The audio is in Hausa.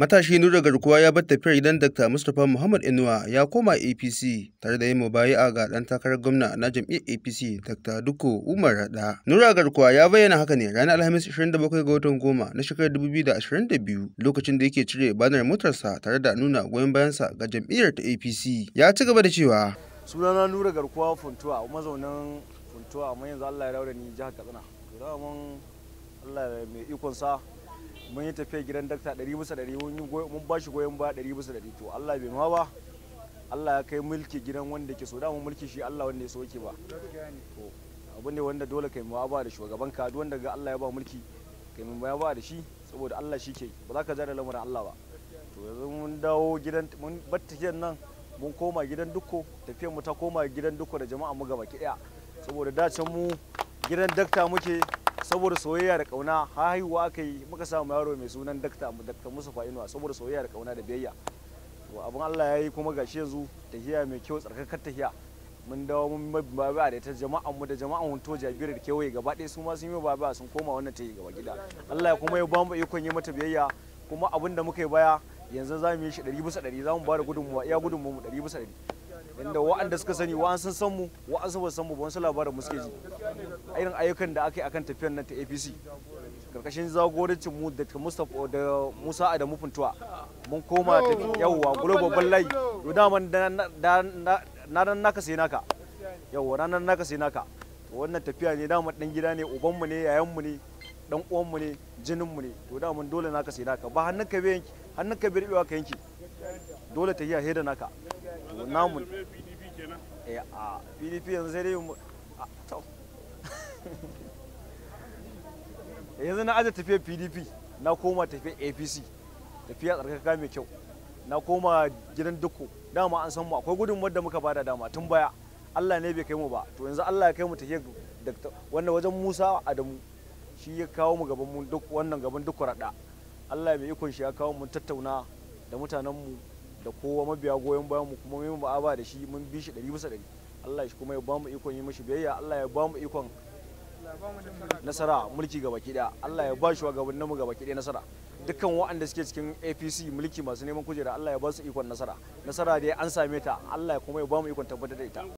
Matashi Nura Garkuwa ya bar tafiyar gidan Dr. Mustapha Muhammad Inuwa ya koma APC tare da yin mubayi'a ga ɗan takarar gwamna na jam'iyyar APC Dr. Duko Umar Rada. Nura Garkuwa ya bayyana haka ne ranar Alhamis 27 ga watan goma na shekarar 2022 lokacin da yake cire banar motarsa tare da nuna goyon bayansa ga jam'iyyar ta APC. Ya ci gaba da cewa. Sunana Nura Garkuwa Funtuwa mazaunin Funtuwa amma yanzu Allah ya raura ni jihar Katsina. Allah mai sa. mun yi tafiya gidan dakta ɗari bisa ɗari mun ba shi goyon ba ɗari bisa ɗari to Allah bai ma ba Allah ya kai mulki gidan wanda ke so da mulki shi Allah wanda ya so ke ba abu ne wanda dole kai ma ba da shugaban ka duk wanda ga Allah ya ba mulki kai mun ba da shi saboda Allah shi ke ba za ka zara lamarin Allah ba to yanzu mun dawo gidan mun batta nan mun koma gidan dukko tafiyar mu ta koma gidan dukko da jama'a mu gaba ki daya saboda can mu gidan dakta muke saboda soyayya da kauna haihuwa aka yi muka samu yaro mai sunan dakta dakta musufa inuwa saboda soyayya da kauna da biyayya to abin allah ya yi kuma gashi yanzu tahiya mai kyau tsarkakar tahiya mun dawo mun babi'a da ta jama'an mu da jama'an hunto jabir da kewaye gaba ɗaya su ma sun yi babi'a sun koma wannan ta yi gaba gida allah ya kuma ya ba mu ikon yi mata biyayya kuma abin da muka yi baya yanzu za mu yi shi ɗari bisa ɗari za mu ba da gudunmuwa iya gudunmuwa mu ɗari bisa ɗari inda wa'anda suka sani wa'an sun san mu wa'an sun san mu ba wasu labarin muske suke ji irin ayyukan da aka yi akan tafiyar nan ta APC karkashin zagorancin mu da mustapha da Musa Adamu Funtuwa mun koma ta yawwa global ballai to daman na ran naka sai naka yawwa ranar naka sai naka wannan tafiya ne daman dan gida ne uban mu ne yayan mu ne dan uwan mu ne jinin mu ne to daman dole naka sai naka ba hannun ka bai hannun ka ka yanki dole ta yi a naka namu eh, a pdp yanzu dai yanzu na aje tafiya pdp na koma tafiya apc tafiya tsarkaka mai kyau na koma gidan dukko dama an san mu akwai gudun da muka bada dama tun baya allah ne bai kai mu ba to yanzu allah ya kai mu tafiya wanda wajen musa adamu shi ya kawo mu gaban mu duk wannan gaban duk raɗa allah mai ikon shi ya kawo mu tattauna da mutanen mu da kowa mabiya goyon bayan mu kuma mu mu'aba da shi mun bi shi ɗari bisa ɗari Allah shi kuma ya ba mu ikon yi mashi biyayya Allah ya ba mu ikon nasara mulki gaba baki daya Allah ya ba shi gaban mu gaba baki daya nasara dukkan waɗanda suke cikin APC mulki masu neman kujera Allah ya ba su ikon nasara nasara dai an same ta Allah kuma ya bamu ikon tabbatar da ita